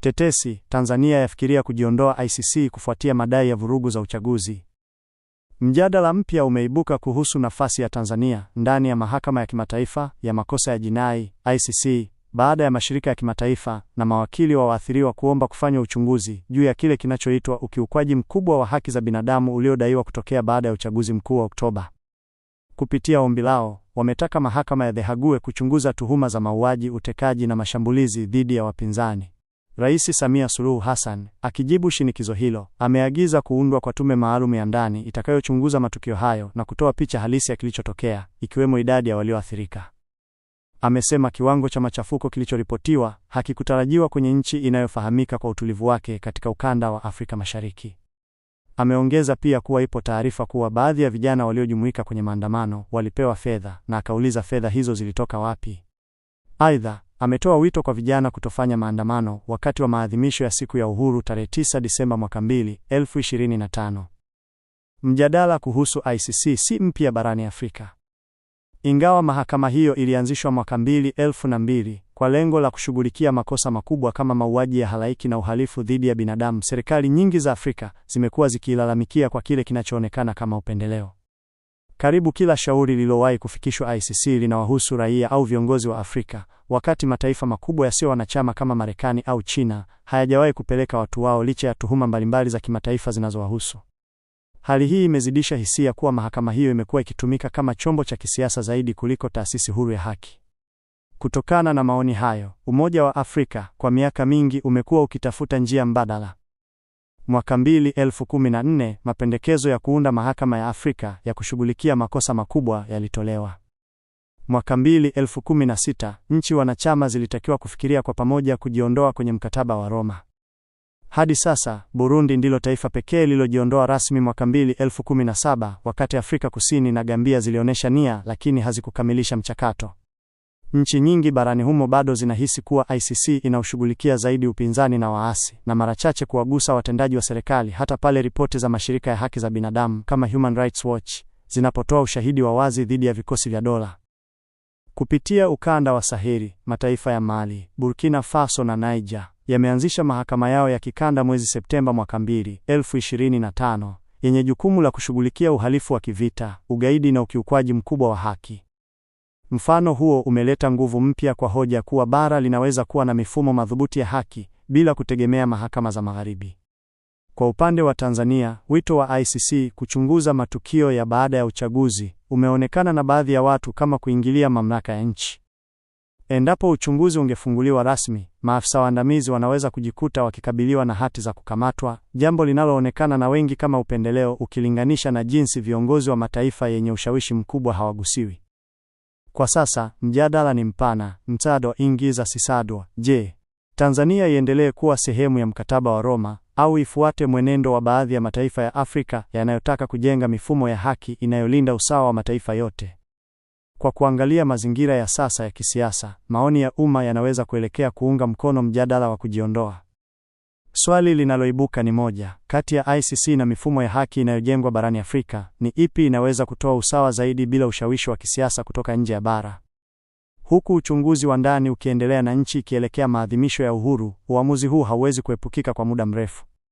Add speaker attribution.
Speaker 1: Tetesi: Tanzania yafikiria kujiondoa ICC kufuatia madai ya vurugu za uchaguzi. Mjadala mpya umeibuka kuhusu nafasi ya Tanzania ndani ya Mahakama ya Kimataifa ya Makosa ya Jinai ICC baada ya mashirika ya kimataifa na mawakili wa waathiriwa kuomba kufanya uchunguzi juu ya kile kinachoitwa ukiukwaji mkubwa wa haki za binadamu uliodaiwa kutokea baada ya uchaguzi mkuu wa Oktoba. Kupitia ombi lao, wametaka mahakama ya The Hague kuchunguza tuhuma za mauaji, utekaji na mashambulizi dhidi ya wapinzani. Rais Samia Suluhu Hassan, akijibu shinikizo hilo, ameagiza kuundwa kwa tume maalum ya ndani itakayochunguza matukio hayo na kutoa picha halisi ya kilichotokea, ikiwemo idadi ya walioathirika. Amesema kiwango cha machafuko kilichoripotiwa hakikutarajiwa kwenye nchi inayofahamika kwa utulivu wake katika ukanda wa Afrika Mashariki. Ameongeza pia kuwa ipo taarifa kuwa baadhi ya vijana waliojumuika kwenye maandamano walipewa fedha na akauliza fedha hizo zilitoka wapi. Aidha, ametoa wito kwa vijana kutofanya maandamano wakati wa maadhimisho ya siku ya uhuru tarehe 9 Disemba mwaka 2025. Mjadala kuhusu ICC si mpya barani Afrika. Ingawa mahakama hiyo ilianzishwa mwaka 2002 kwa lengo la kushughulikia makosa makubwa kama mauaji ya halaiki na uhalifu dhidi ya binadamu, serikali nyingi za Afrika zimekuwa zikiilalamikia kwa kile kinachoonekana kama upendeleo. Karibu kila shauri lililowahi kufikishwa ICC linawahusu raia au viongozi wa Afrika, wakati mataifa makubwa yasiyo wanachama kama Marekani au China hayajawahi kupeleka watu wao licha ya tuhuma mbalimbali za kimataifa zinazowahusu. Hali hii imezidisha hisia kuwa mahakama hiyo imekuwa ikitumika kama chombo cha kisiasa zaidi kuliko taasisi huru ya haki. Kutokana na maoni hayo, Umoja wa Afrika kwa miaka mingi umekuwa ukitafuta njia mbadala mwaka 2014 mapendekezo ya kuunda mahakama ya Afrika ya kushughulikia makosa makubwa yalitolewa. Mwaka 2016 nchi wanachama zilitakiwa kufikiria kwa pamoja kujiondoa kwenye mkataba wa Roma. Hadi sasa Burundi ndilo taifa pekee lililojiondoa rasmi mwaka 2017, wakati Afrika Kusini na Gambia zilionyesha nia lakini hazikukamilisha mchakato. Nchi nyingi barani humo bado zinahisi kuwa ICC inaushughulikia zaidi upinzani na waasi na mara chache kuwagusa watendaji wa serikali, hata pale ripoti za mashirika ya haki za binadamu kama Human Rights Watch zinapotoa ushahidi wa wazi dhidi ya vikosi vya dola. Kupitia ukanda wa Saheli, mataifa ya Mali, Burkina Faso na Niger yameanzisha mahakama yao ya kikanda mwezi Septemba mwaka 2025 yenye jukumu la kushughulikia uhalifu wa kivita, ugaidi na ukiukwaji mkubwa wa haki. Mfano huo umeleta nguvu mpya kwa hoja kuwa bara linaweza kuwa na mifumo madhubuti ya haki bila kutegemea mahakama za magharibi. Kwa upande wa Tanzania, wito wa ICC kuchunguza matukio ya baada ya uchaguzi umeonekana na baadhi ya watu kama kuingilia mamlaka ya nchi. Endapo uchunguzi ungefunguliwa rasmi, maafisa waandamizi wanaweza kujikuta wakikabiliwa na hati za kukamatwa, jambo linaloonekana na wengi kama upendeleo ukilinganisha na jinsi viongozi wa mataifa yenye ushawishi mkubwa hawagusiwi. Kwa sasa mjadala ni mpana, mtado ingiza sisadwa. Je, Tanzania iendelee kuwa sehemu ya mkataba wa Roma au ifuate mwenendo wa baadhi ya mataifa ya Afrika yanayotaka kujenga mifumo ya haki inayolinda usawa wa mataifa yote? Kwa kuangalia mazingira ya sasa ya kisiasa, maoni ya umma yanaweza kuelekea kuunga mkono mjadala wa kujiondoa Swali linaloibuka ni moja, kati ya ICC na mifumo ya haki inayojengwa barani Afrika, ni ipi inaweza kutoa usawa zaidi bila ushawishi wa kisiasa kutoka nje ya bara? Huku uchunguzi wa ndani ukiendelea na nchi ikielekea maadhimisho ya uhuru, uamuzi huu hauwezi kuepukika kwa muda mrefu.